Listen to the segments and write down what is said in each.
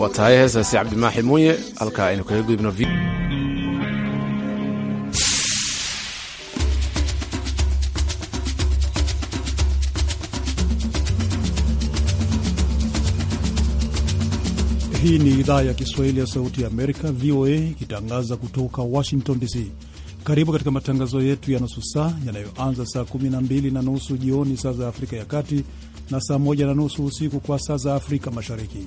waa tahay heesaasi cabdimaaxi muuye halkaa aynu kaga gudubno Hii ni idhaa ya Kiswahili ya Sauti ya Amerika, VOA, ikitangaza kutoka Washington DC. Karibu katika matangazo yetu ya nusu saa yanayoanza saa 12 na nusu jioni saa za Afrika ya Kati na saa 1 na nusu usiku kwa saa za Afrika Mashariki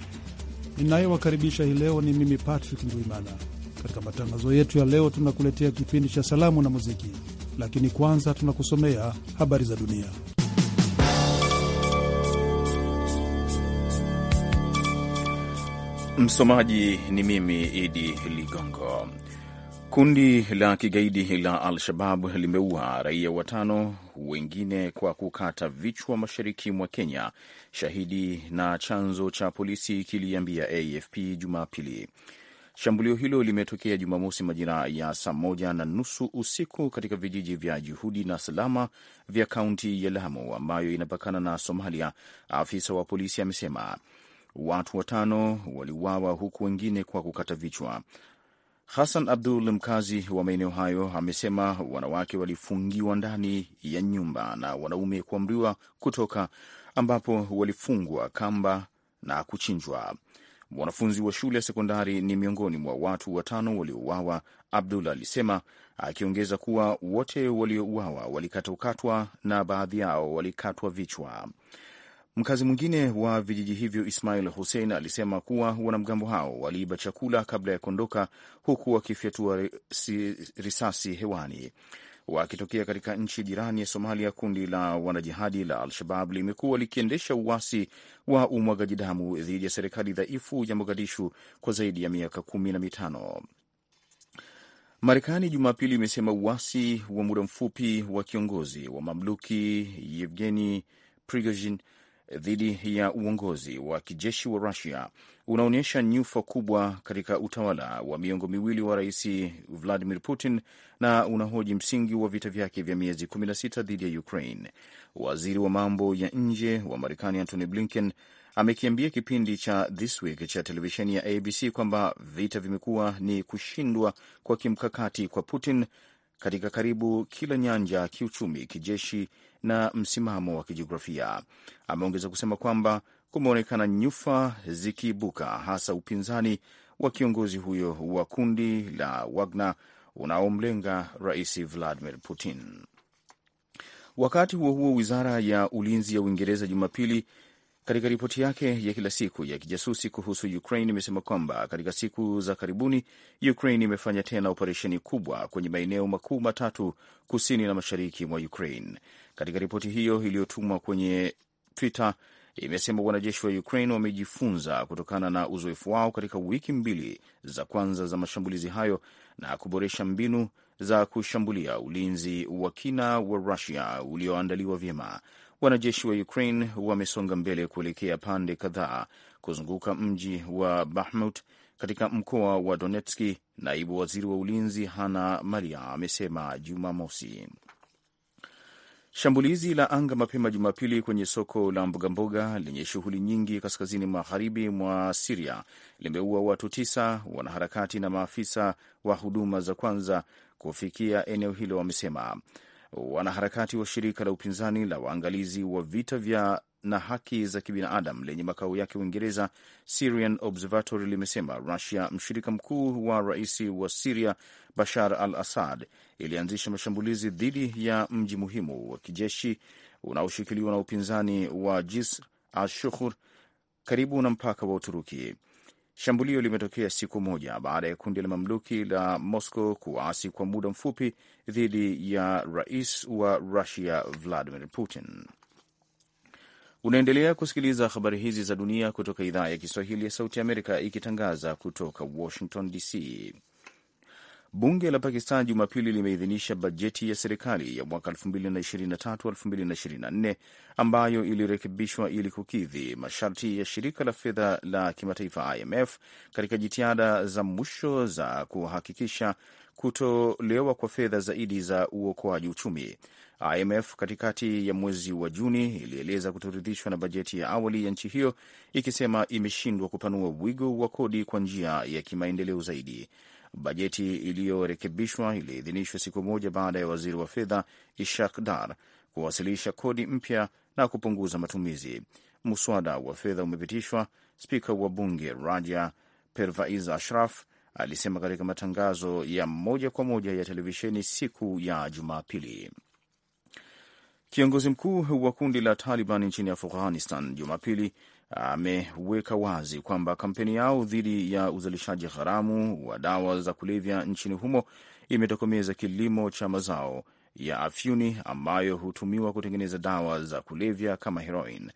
ninayewakaribisha hii leo ni mimi Patrick Ndwimana. Katika matangazo yetu ya leo, tunakuletea kipindi cha salamu na muziki, lakini kwanza tunakusomea habari za dunia. Msomaji ni mimi Idi Ligongo. Kundi la kigaidi la Al-Shabab limeua raia watano wengine kwa kukata vichwa mashariki mwa Kenya, shahidi na chanzo cha polisi kiliambia AFP Jumapili. Shambulio hilo limetokea Jumamosi majira ya saa moja na nusu usiku katika vijiji vya Juhudi na Salama vya kaunti ya Lamu ambayo inapakana na Somalia, afisa wa polisi amesema. Watu watano waliuawa huku wengine kwa kukata vichwa. Hassan Abdul, mkazi wa maeneo hayo, amesema wanawake walifungiwa ndani ya nyumba na wanaume kuamriwa kutoka, ambapo walifungwa kamba na kuchinjwa. Mwanafunzi wa shule ya sekondari ni miongoni mwa watu watano waliouawa, Abdul alisema, akiongeza kuwa wote waliouawa walikatwakatwa na baadhi yao walikatwa vichwa. Mkazi mwingine wa vijiji hivyo Ismail Hussein alisema kuwa wanamgambo hao waliiba chakula kabla ya kuondoka, huku wakifyatua risasi hewani. Wakitokea katika nchi jirani ya Somalia, kundi la wanajihadi la Al-Shabab limekuwa likiendesha uasi wa umwagaji damu dhidi ya serikali dhaifu ya Mogadishu kwa zaidi ya miaka kumi na mitano. Marekani Jumapili imesema uasi wa muda mfupi wa kiongozi wa mamluki Yevgeni Prigozhin dhidi ya uongozi wa kijeshi wa Rusia unaonyesha nyufa kubwa katika utawala wa miongo miwili wa Rais Vladimir Putin na unahoji msingi wa vita vyake vya miezi 16 dhidi ya Ukraine. Waziri wa mambo ya nje wa Marekani Antony Blinken amekiambia kipindi cha This Week cha televisheni ya ABC kwamba vita vimekuwa ni kushindwa kwa kimkakati kwa Putin katika karibu kila nyanja: kiuchumi, kijeshi na msimamo wa kijiografia. Ameongeza kusema kwamba kumeonekana nyufa zikiibuka, hasa upinzani wa kiongozi huyo wa kundi la Wagner unaomlenga Rais Vladimir Putin. Wakati huo huo, wizara ya ulinzi ya Uingereza Jumapili katika ripoti yake ya kila siku ya kijasusi kuhusu Ukraine imesema kwamba katika siku za karibuni Ukraine imefanya tena operesheni kubwa kwenye maeneo makuu matatu kusini na mashariki mwa Ukraine. Katika ripoti hiyo iliyotumwa kwenye Twitter imesema wanajeshi wa Ukraine wamejifunza kutokana na uzoefu wao katika wiki mbili za kwanza za mashambulizi hayo na kuboresha mbinu za kushambulia ulinzi wa kina wa Rusia ulioandaliwa vyema. Wanajeshi wa Ukraine wamesonga mbele kuelekea pande kadhaa kuzunguka mji wa Bahmut katika mkoa wa Donetski, naibu waziri wa ulinzi Hana Malia amesema Jumamosi. Shambulizi la anga mapema Jumapili kwenye soko la mbogamboga lenye shughuli nyingi kaskazini magharibi mwa Siria limeua watu tisa, wanaharakati na maafisa wa huduma za kwanza kufikia eneo hilo wamesema. Wanaharakati wa shirika la upinzani la waangalizi wa vita vya na haki za kibinadamu lenye makao yake Uingereza, Syrian Observatory limesema Rusia, mshirika mkuu wa rais wa Siria Bashar al Assad, ilianzisha mashambulizi dhidi ya mji muhimu wa kijeshi unaoshikiliwa na upinzani wa Jis Ashukhur karibu na mpaka wa Uturuki. Shambulio limetokea siku moja baada ya kundi la mamluki la Moscow kuasi kwa muda mfupi dhidi ya rais wa Russia Vladimir Putin. Unaendelea kusikiliza habari hizi za dunia kutoka idhaa ya Kiswahili ya Sauti Amerika, ikitangaza kutoka Washington DC. Bunge la Pakistan Jumapili limeidhinisha bajeti ya serikali ya mwaka 2023-2024 ambayo ilirekebishwa ili kukidhi masharti ya shirika la fedha la kimataifa IMF katika jitihada za mwisho za kuhakikisha kutolewa kwa fedha zaidi za uokoaji uchumi. IMF katikati ya mwezi wa Juni ilieleza kutoridhishwa na bajeti ya awali ya nchi hiyo, ikisema imeshindwa kupanua wigo wa kodi kwa njia ya kimaendeleo zaidi. Bajeti iliyorekebishwa iliidhinishwa siku moja baada ya waziri wa fedha Ishak Dar kuwasilisha kodi mpya na kupunguza matumizi. Mswada wa fedha umepitishwa, spika wa bunge Raja Pervaiz Ashraf alisema katika matangazo ya moja kwa moja ya televisheni siku ya Jumapili. Kiongozi mkuu wa kundi la Taliban nchini Afghanistan Jumapili ameweka wazi kwamba kampeni yao dhidi ya uzalishaji haramu wa dawa za kulevya nchini humo imetokomeza kilimo cha mazao ya afyuni ambayo hutumiwa kutengeneza dawa za kulevya kama heroin.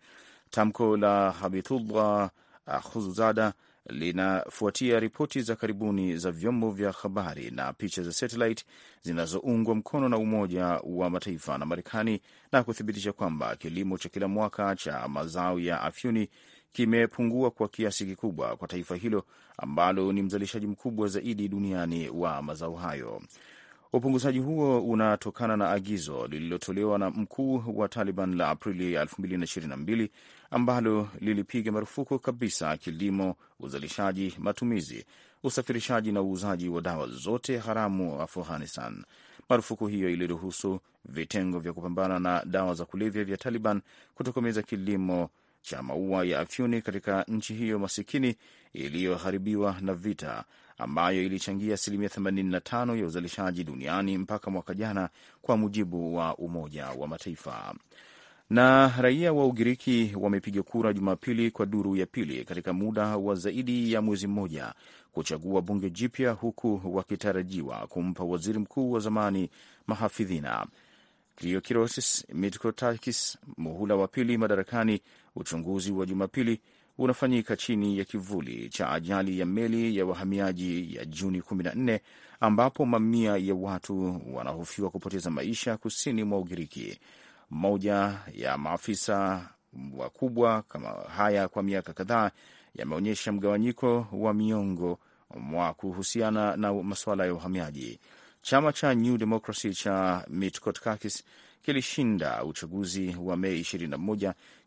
Tamko la Habitullah Khuzuzada linafuatia ripoti za karibuni za vyombo vya habari na picha za satellite zinazoungwa mkono na Umoja wa Mataifa na Marekani na kuthibitisha kwamba kilimo cha kila mwaka cha mazao ya afyuni kimepungua kwa kiasi kikubwa kwa taifa hilo ambalo ni mzalishaji mkubwa zaidi duniani wa mazao hayo. Upunguzaji huo unatokana na agizo lililotolewa na mkuu wa Taliban la Aprili 2022 ambalo lilipiga marufuku kabisa kilimo, uzalishaji, matumizi, usafirishaji na uuzaji wa dawa zote haramu Afghanistan. Marufuku hiyo iliruhusu vitengo vya kupambana na dawa za kulevya vya Taliban kutokomeza kilimo cha maua ya afyuni katika nchi hiyo masikini iliyoharibiwa na vita, ambayo ilichangia asilimia 85 ya uzalishaji duniani mpaka mwaka jana, kwa mujibu wa Umoja wa Mataifa. Na raia wa Ugiriki wamepiga kura Jumapili kwa duru ya pili katika muda wa zaidi ya mwezi mmoja kuchagua bunge jipya, huku wakitarajiwa kumpa waziri mkuu wa zamani Mahafidhina Kriokiroses Mitsotakis muhula wa pili madarakani Uchunguzi wa Jumapili unafanyika chini ya kivuli cha ajali ya meli ya wahamiaji ya Juni 14 ambapo mamia ya watu wanahofiwa kupoteza maisha kusini mwa Ugiriki. Moja ya maafisa wakubwa kama haya kwa miaka kadhaa yameonyesha mgawanyiko wa miongo mwa kuhusiana na masuala ya uhamiaji. Chama cha New Democracy cha Mitsotakis kilishinda uchaguzi wa Mei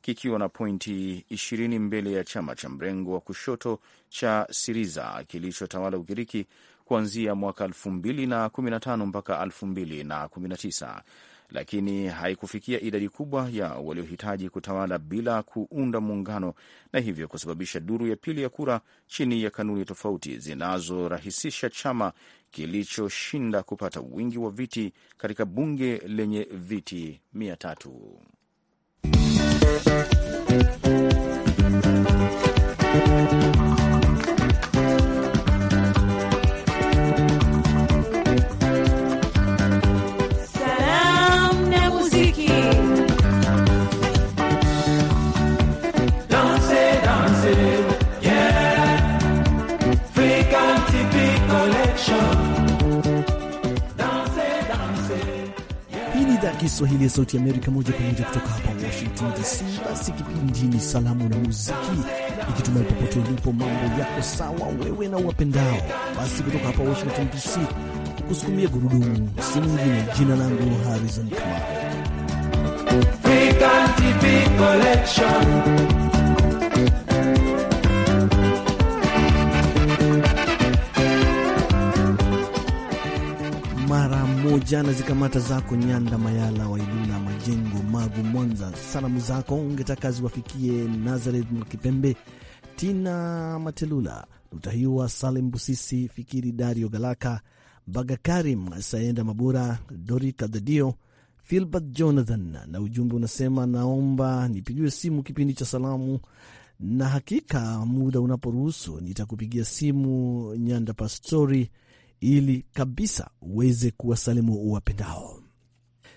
kikiwa na pointi 20 mbele ya chama cha mrengo wa kushoto cha Siriza kilichotawala Ugiriki kuanzia mwaka 2015 mpaka 2019, lakini haikufikia idadi kubwa ya waliohitaji kutawala bila kuunda muungano na hivyo kusababisha duru ya pili ya kura chini ya kanuni tofauti zinazorahisisha chama kilichoshinda kupata wingi wa viti katika bunge lenye viti mia tatu. Thank you. ya Sauti ya Amerika moja kwa moja kutoka hapa Washington DC. Basi kipindi ni Salamu na Muziki, ikitumai popote ulipo mambo yako sawa, wewe na uwapendao. Basi kutoka hapa Washington DC, kusukumia gurudumu si mwingine, jina langu Harrison Kamau. humo jana zikamata zako Nyanda Mayala wa Ilula Majengo Magu Mwanza. Salamu zako ungetaka ziwafikie Nazareth Mkipembe, Tina Matelula, Lutahiwa Salem Busisi, Fikiri Dario Galaka, Baga Karim Saenda Mabura, Dori Kadhadio, Filbert Jonathan, na ujumbe unasema naomba nipigiwe simu kipindi cha salamu na hakika muda unaporuhusu nitakupigia simu. Nyanda Pastori ili kabisa uweze kuwa salimu uwapendao.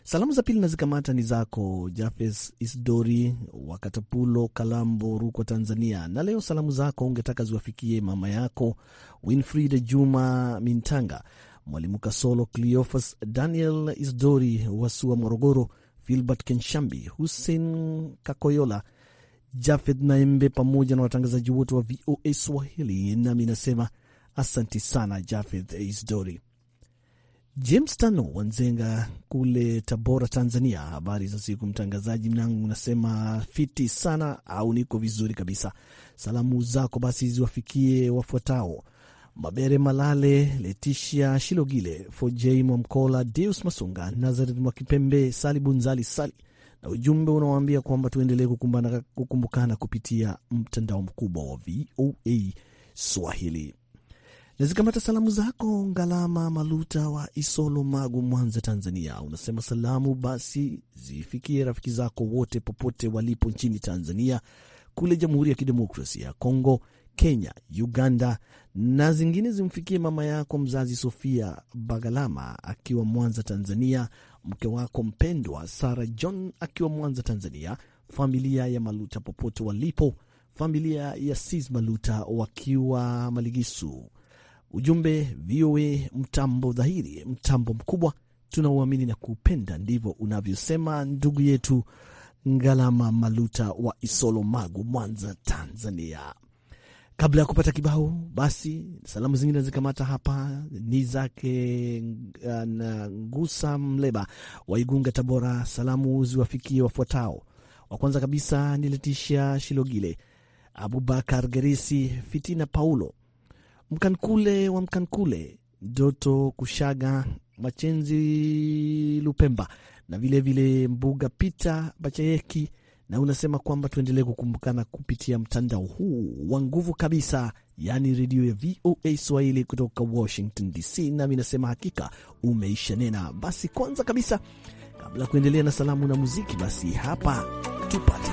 Salamu za pili na zikamata ni zako Jafes Isdori wa Katapulo, Kalambo, Rukwa, Tanzania. Na leo salamu zako ungetaka ziwafikie mama yako Winfrid Juma Mintanga, Mwalimu Kasolo, Cleofas Daniel Isdori Wasua, Morogoro, Filbert Kenshambi, Hussein Kakoyola, Jafet Naembe pamoja na watangazaji wote wa VOA Swahili. Nami nasema Asanti sana Jafeth Isdori. James Tano Wanzenga kule Tabora, Tanzania. Habari za siku, mtangazaji mnangu, nasema fiti sana au niko vizuri kabisa. Salamu zako basi ziwafikie wafuatao: Mabere Malale, Letishia Shilogile, Fojei Mwamkola, Deus Masunga, Nazareth Mwakipembe, Sali Bunzali Sali, na ujumbe unawaambia kwamba tuendelee kukumbukana kupitia mtandao mkubwa wa VOA Swahili. Nazikamata salamu zako Ngalama Maluta wa Isolo, Magu, Mwanza, Tanzania. Unasema salamu basi zifikie rafiki zako wote popote walipo nchini Tanzania, kule Jamhuri ya Kidemokrasia ya Kongo, Kenya, Uganda na zingine zimfikie mama yako mzazi Sofia Bagalama akiwa Mwanza, Tanzania, mke wako mpendwa Sara John akiwa Mwanza, Tanzania, familia ya Maluta popote walipo, familia ya Sis Maluta wakiwa Maligisu Ujumbe VOA mtambo dhahiri, mtambo mkubwa tunauamini na kuupenda, ndivyo unavyosema ndugu yetu Ngalama Maluta wa Isolo, Magu, Mwanza, Tanzania. Kabla ya kupata kibao, basi salamu zingine zikamata hapa ni zake uh, na Ngusa Mleba wa Igunga, Tabora. Salamu ziwafikie wafuatao: wa kwanza kabisa ni Letisha Shilogile, Abubakar Gerisi, Fitina Paulo Mkankule wa Mkankule, Doto Kushaga, Machenzi Lupemba na vilevile vile Mbuga Pita Bachayeki, na unasema kwamba tuendelee kukumbukana kupitia mtandao huu wa nguvu kabisa, yaani redio ya VOA Swahili kutoka Washington DC. Nami nasema hakika umeisha nena. Basi kwanza kabisa, kabla ya kuendelea na salamu na muziki, basi hapa tupate kibao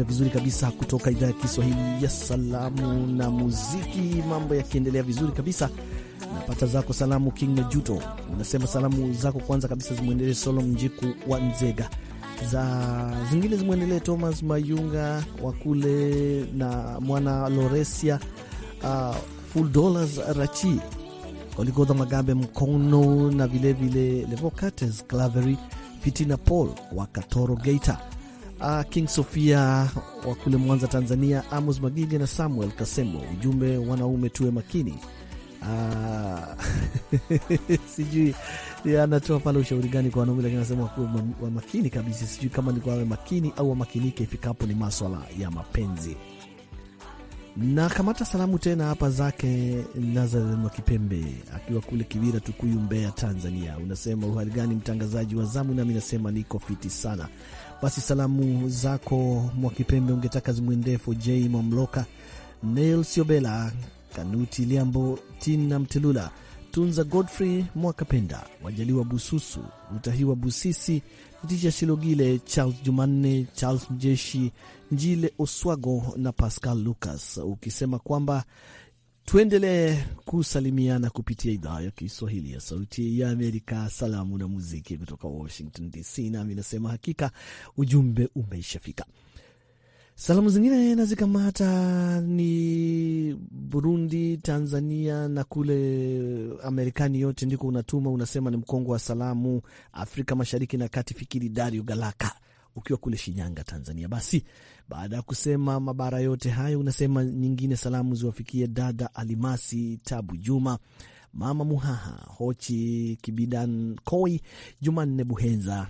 tena vizuri kabisa kutoka idhaa ya Kiswahili ya salamu na muziki. Mambo yakiendelea vizuri kabisa, napata zako salamu. King Majuto unasema salamu zako kwanza kabisa zimwendelee Solom Njiku wa Nzega, za zingine zimwendelee Thomas Mayunga wa kule na mwana Loresia uh, full dollars Rachi Oligodha Magabe Mkono na vilevile Levocates Clavery Fitina Paul wa Katoro Geita uh, King Sofia wa kule Mwanza, Tanzania, Amos Magige na Samuel Kasemo. Ujumbe, wanaume tuwe makini. Ah, sijui anatoa pale ushauri gani kwa wanaume, lakini anasema kuwe wa makini kabisa. Sijui kama ni kwawe makini au wamakinike ifikapo ni maswala ya mapenzi. Na kamata salamu tena hapa zake Nazareth Mwakipembe akiwa kule Kibira, Tukuyu, Mbeya, Tanzania. Unasema uhali gani mtangazaji wa zamu? Nami nasema niko fiti sana basi salamu zako Mwakipembe ungetaka zimwendefu J Mamloka, Nel Siobela, Kanuti Liambo, Tina Mtelula, Tunza Godfrey Mwakapenda, wajaliwa Bususu, Rutahiwa Busisi, Tisha Shilogile, Charles Jumanne, Charles Mjeshi, Njile Oswago na Pascal Lucas, ukisema kwamba Tuendelee kusalimiana kupitia idhaa ya Kiswahili ya Sauti ya Amerika, salamu na muziki kutoka Washington DC. Nami nasema hakika ujumbe umeishafika. Salamu zingine nazikamata ni Burundi, Tanzania na kule Amerikani, yote ndiko unatuma. Unasema ni mkongo wa salamu Afrika Mashariki na Kati. Fikiri Dario Galaka ukiwa kule Shinyanga, Tanzania. Basi baada ya kusema mabara yote hayo, unasema nyingine salamu ziwafikie dada Alimasi Tabu Juma, mama Muhaha Hochi Kibidan Koi, Jumanne Buhenza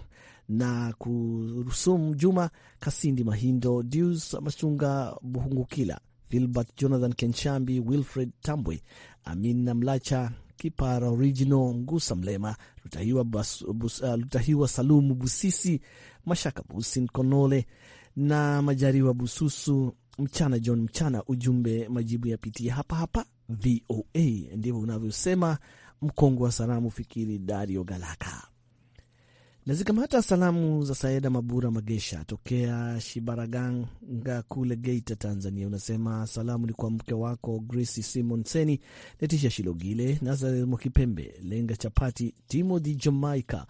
na Kurusum Juma Kasindi Mahindo, Deus Masunga Buhungukila, Filbert Jonathan Kenshambi, Wilfred Tambwe, Amina Mlacha Kipara Original, Ngusa Mlema, Lutahiwa, Bas, Bus, uh, Lutahiwa Salumu Busisi, Mashaka Busin Konole na Majariwa Bususu. Mchana John Mchana, ujumbe majibu yapitia hapa hapa VOA. Ndivyo unavyosema mkongwe wa salamu, fikiri Dario Galaka. Nazikamata salamu za Saeda Mabura Magesha tokea Shibaraganga kule Geita, Tanzania. Unasema salamu ni kwa mke wako Grace Simon Seni, Letisha Shilogile, Nazare Mwakipembe, Lenga Chapati, Timothy Jamaica,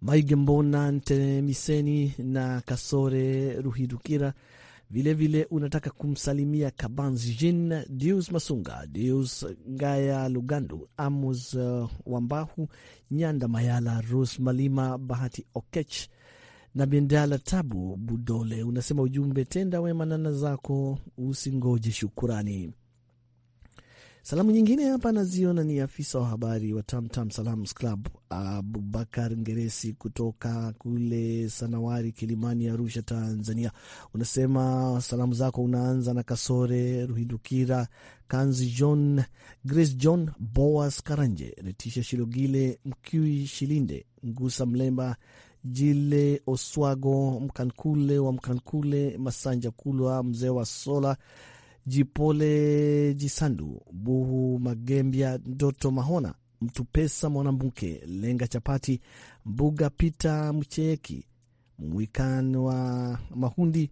Maige Mbona Ntemiseni na Kasore ruhidukira Vilevile vile unataka kumsalimia Kabanzi Jean, Deus Masunga, Deus Ngaya Lugandu, Amos uh, Wambahu, Nyanda Mayala, ros Malima, Bahati Okech na Bindala Tabu Budole. Unasema ujumbe, tenda wema nana zako usingoje shukurani. Salamu nyingine hapa naziona ni afisa wa habari wa Tamtam Salams Club Abubakar Ngeresi kutoka kule Sanawari, Kilimani, Arusha, Tanzania. Unasema salamu zako unaanza na Kasore Ruhindukira, Kanzi John, Grace John, Boas Karanje, Retisha Shilogile, Mkiwi Shilinde, Ngusa Mlemba, Jile Oswago, Mkankule wa Mkankule, Masanja Kulwa, mzee wa Sola Jipole Jisandu, Buhu Magembya, Ndoto Mahona, Mtupesa Mwanambuke, Lenga Chapati, Mbuga Pita Mcheeki, Mwikan wa Mahundi,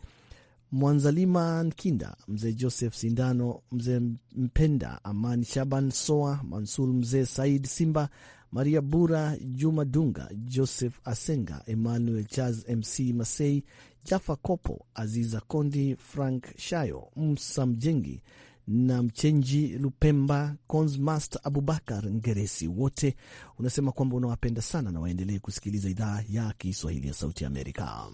Mwanzalima Nkinda, Mzee Joseph Sindano, Mzee Mpenda, Amani Shaban Soa, Mansur Mzee Said Simba, Maria Bura, Juma Dunga, Joseph Asenga, Emmanuel Charles, Mc Masei, Jafa Kopo, Aziza Kondi, Frank Shayo, Msa Mjengi na Mchenji Lupemba, consmast Abubakar Ngeresi, wote unasema kwamba unawapenda sana na waendelee kusikiliza idhaa ya Kiswahili ya Sauti Amerika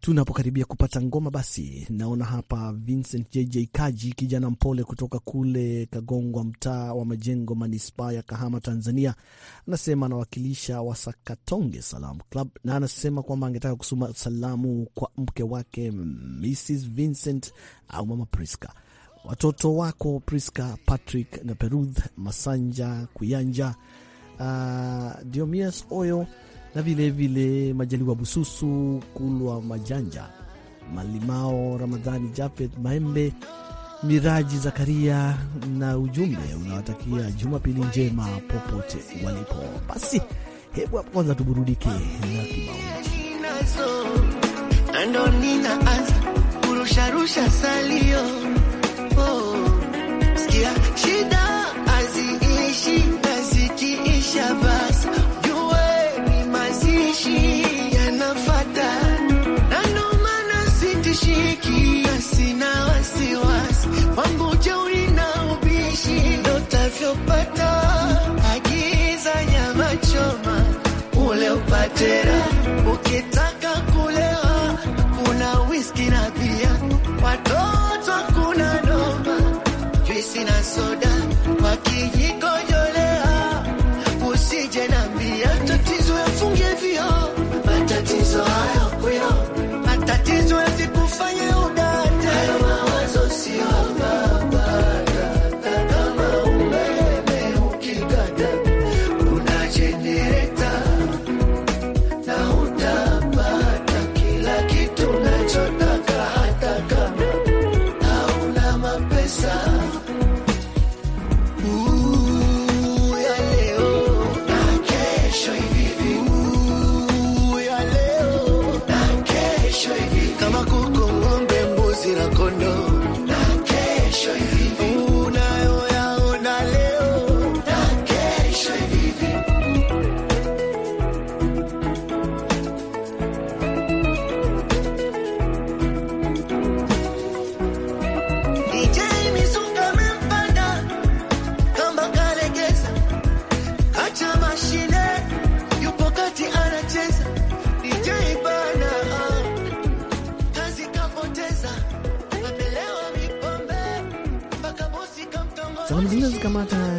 tunapokaribia kupata ngoma basi, naona hapa Vincent JJ Kaji, kijana mpole kutoka kule Kagongwa, mtaa wa Majengo, manispaa ya Kahama, Tanzania, anasema anawakilisha Wasakatonge Salam Club, na anasema kwamba angetaka kusoma salamu kwa mke wake Mrs Vincent au mama Priska, watoto wako Priska, Patrick na Peruth Masanja Kuyanja, uh, Diomias Oyo na vilevile Majaliwa Bususu, Kulwa Majanja, Malimao, Ramadhani Japet, Maembe, Miraji Zakaria, na ujumbe unawatakia Jumapili njema popote walipo. Basi hebu hapo kwanza tuburudike na kibao it up.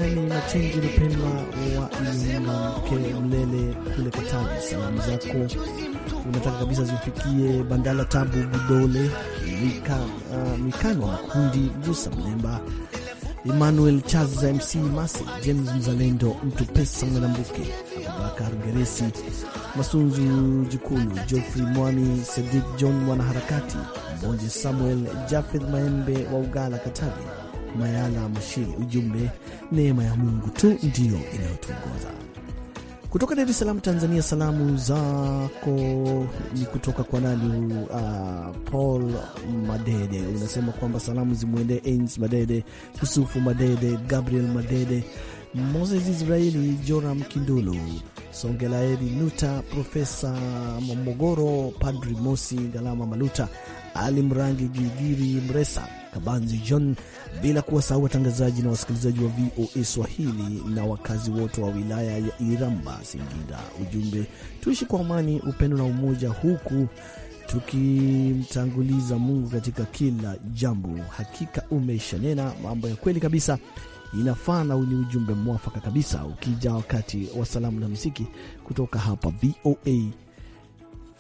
ni machenji Lupemba wa Mwanamke Mlele kule Katavi. Salamu zako unataka kabisa zifikie Bandala Tabu Budole Mika, uh, Mikano Makundi Gusa Mlemba Emmanuel Charles MC Masi James Mzalendo Mtu Pesa Mwanambuke Abubakar Geresi Masunzu Jikulu Geoffrey Mwani Sedik John Mwanaharakati Mbonje Samuel Jafeth Maembe wa Ugala Katavi Mayala Mashiri, ujumbe neema ya Mungu tu ndiyo inayotuongoza. Kutoka Dar es Salaam, Tanzania, salamu zako ni kutoka kwa nani? Uh, Paul Madede, unasema kwamba salamu zimwendee Ens Madede, Yusufu Madede, Gabriel Madede, Moses Israeli, Joram Kindulu, Songelaeri Nuta, Profesa Momogoro, Padri Mosi, Galama Maluta, Ali Mrangi, Gigiri Mresa Kabanzi John, bila kuwasahau watangazaji na wasikilizaji wa VOA Swahili na wakazi wote wa wilaya ya Iramba, Singida. Ujumbe, tuishi kwa amani, upendo na umoja, huku tukimtanguliza Mungu katika kila jambo. Hakika umeisha nena mambo ya kweli kabisa inafaa na ni ujumbe mwafaka kabisa, ukija wakati wa salamu na muziki kutoka hapa VOA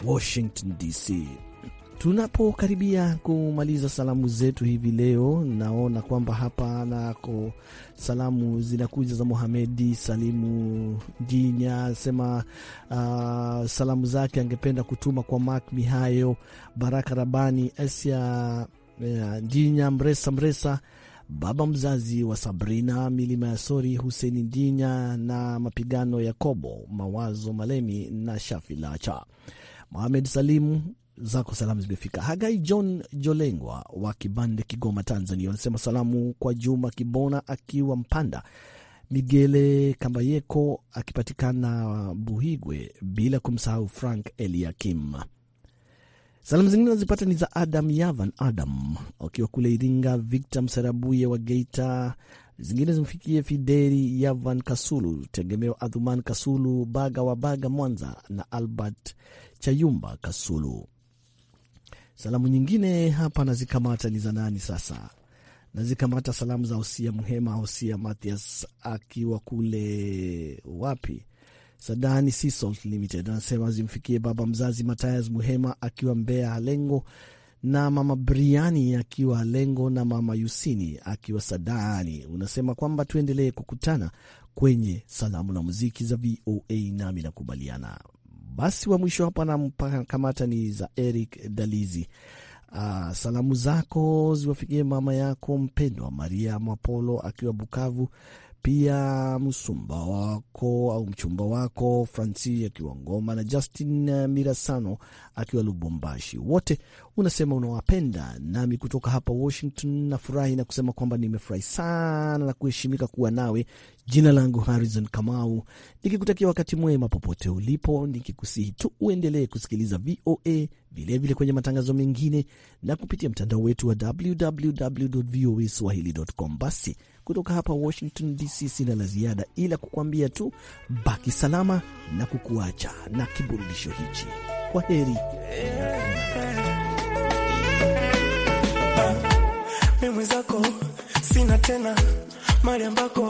Washington DC. Tunapokaribia kumaliza salamu zetu hivi leo, naona kwamba hapa nako salamu zinakuja za muhamedi Salimu Jinya sema uh, salamu zake angependa kutuma kwa Mak Mihayo, Baraka Rabani, Asia eh, Jinya, Mresa Mresa, baba mzazi wa Sabrina Milima ya Sori, Huseni Ndinya na Mapigano Yakobo, Mawazo Malemi na Shafi Lacha. Salimu zako salamu zimefika. Hagai John Jolengwa wa Kibande, Kigoma, Tanzania, anasema salamu kwa Juma Kibona akiwa Mpanda, Migele Kambayeko akipatikana Buhigwe, bila kumsahau Frank Eliakim. Salamu zingine nazipata ni za Adam Yavan Adam wakiwa kule Iringa, Victor Msarabuye wa Geita. Zingine zimfikie Fideri Yavan Kasulu, Tegemeo Adhuman Kasulu, Baga wa Baga Mwanza na Albert Chayumba Kasulu. Salamu nyingine hapa nazikamata ni za nani sasa? Nazikamata salamu za Hosia Mhema, Hosia Mathias akiwa kule wapi, Sadani Sea Salt Limited, anasema zimfikie baba mzazi matayas Muhema akiwa Mbeya Halengo, na mama Briani akiwa Halengo, na mama Yusini akiwa Sadani. Unasema kwamba tuendelee kukutana kwenye salamu na muziki za VOA, nami nakubaliana. Basi wa mwisho hapa namkamata ni za Eric Dalizi. Uh, salamu zako ziwafikie mama yako mpendwa Maria Mapolo akiwa Bukavu, pia msumba wako au mchumba wako Franci akiwa Ngoma na Justin Mirasano akiwa Lubumbashi. Wote unasema unawapenda. Nami kutoka hapa Washington nafurahi na kusema kwamba nimefurahi sana na kuheshimika kuwa nawe. Jina langu Harrison Kamau, nikikutakia wakati mwema popote ulipo, nikikusihi tu uendelee kusikiliza VOA vilevile vile kwenye matangazo mengine na kupitia mtandao wetu wa www voa swahili.com. Basi kutoka hapa Washington DC sina la ziada ila kukuambia tu baki salama na kukuacha na kiburudisho hichi. Kwa heri. Mimi mwenzako sina tena mali ambako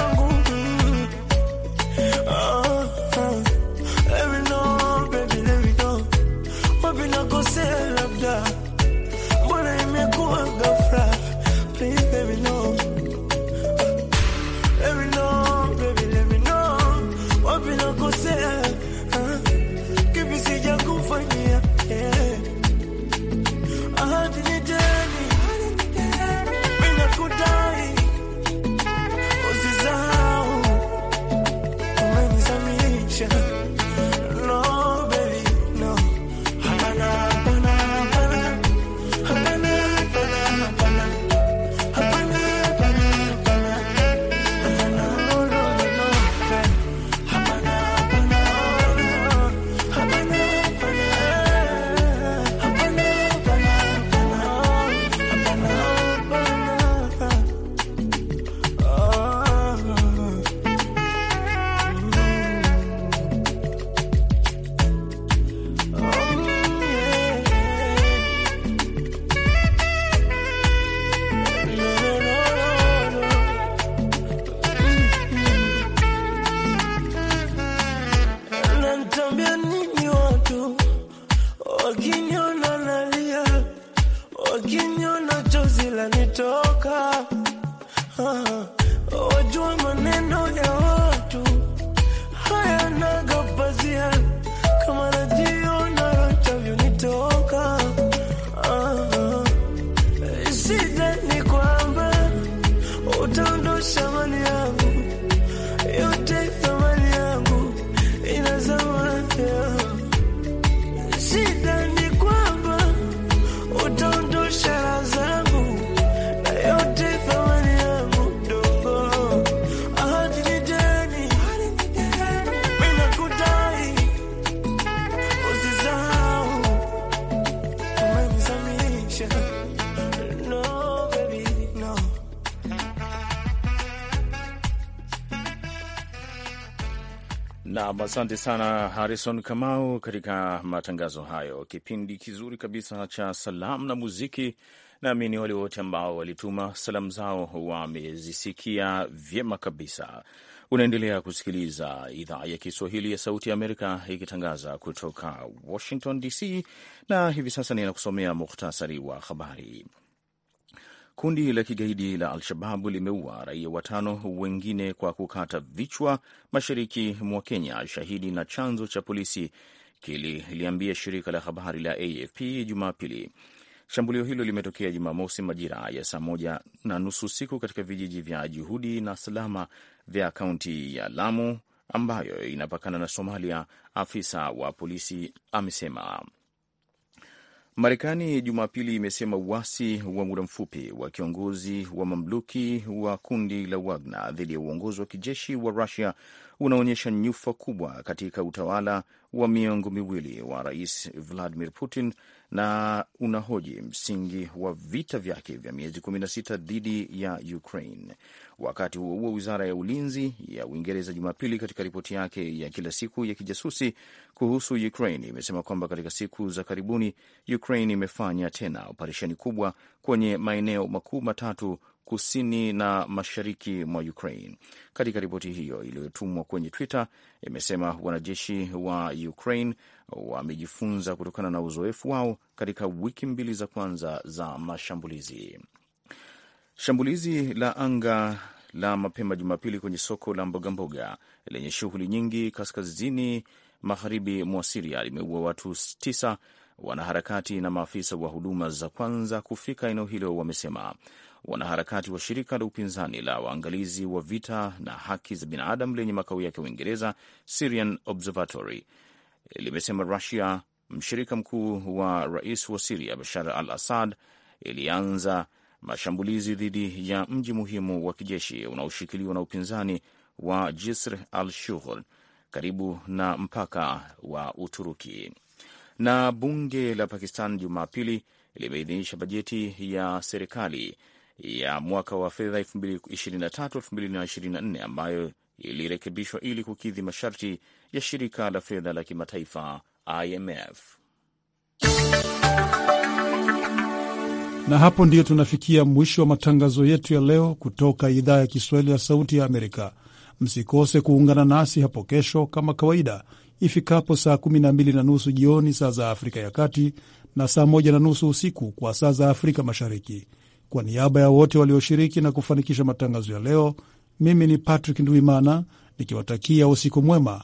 Asante sana Harrison Kamau katika matangazo hayo. Kipindi kizuri kabisa cha salamu na muziki. Naamini wale wote ambao walituma salamu zao wamezisikia vyema kabisa. Unaendelea kusikiliza idhaa ya Kiswahili ya Sauti ya Amerika ikitangaza kutoka Washington DC, na hivi sasa ninakusomea muhtasari wa habari. Kundi la kigaidi la Al-Shababu limeua raia watano wengine kwa kukata vichwa mashariki mwa Kenya. Shahidi na chanzo cha polisi kililiambia shirika la habari la AFP Jumapili. Shambulio hilo limetokea Jumamosi majira ya saa moja na nusu siku katika vijiji vya Juhudi na Salama vya kaunti ya Lamu ambayo inapakana na Somalia, afisa wa polisi amesema. Marekani Jumapili imesema uasi wa muda mfupi wa kiongozi wa mamluki wa kundi la Wagner dhidi ya uongozi wa kijeshi wa Rusia unaonyesha nyufa kubwa katika utawala wa miongo miwili wa Rais Vladimir Putin na unahoji msingi wa vita vyake vya miezi 16 dhidi ya Ukraine. Wakati huo huo, wizara ya ulinzi ya Uingereza Jumapili, katika ripoti yake ya kila siku ya kijasusi kuhusu Ukraine, imesema kwamba katika siku za karibuni Ukraine imefanya tena operesheni kubwa kwenye maeneo makuu matatu kusini na mashariki mwa Ukraine. Katika ripoti hiyo iliyotumwa kwenye Twitter, imesema wanajeshi wa Ukraine wamejifunza kutokana na uzoefu wao katika wiki mbili za kwanza za mashambulizi. Shambulizi la anga la mapema Jumapili kwenye soko la mbogamboga lenye shughuli nyingi kaskazini magharibi mwa Siria limeua watu tisa. Wanaharakati na maafisa wa huduma za kwanza kufika eneo hilo wamesema. Wanaharakati wa shirika la upinzani la waangalizi wa vita na haki za binadamu lenye makao yake Uingereza, Syrian Observatory limesema Rusia, mshirika mkuu wa rais wa Siria Bashar al Assad, ilianza mashambulizi dhidi ya mji muhimu wa kijeshi unaoshikiliwa na upinzani wa Jisr al Shughul karibu na mpaka wa Uturuki. Na bunge la Pakistan Jumapili limeidhinisha bajeti ya serikali ya mwaka wa fedha 2023/2024 ambayo ilirekebishwa ili kukidhi masharti ya shirika la fedha la kimataifa IMF. Na hapo ndiyo tunafikia mwisho wa matangazo yetu ya leo kutoka idhaa ya Kiswahili ya Sauti ya Amerika. Msikose kuungana nasi hapo kesho kama kawaida ifikapo saa 12 na nusu jioni saa za Afrika ya Kati na saa 1 na nusu usiku kwa saa za Afrika Mashariki. Kwa niaba ya wote walioshiriki na kufanikisha matangazo ya leo, mimi ni Patrick Ndwimana nikiwatakia usiku mwema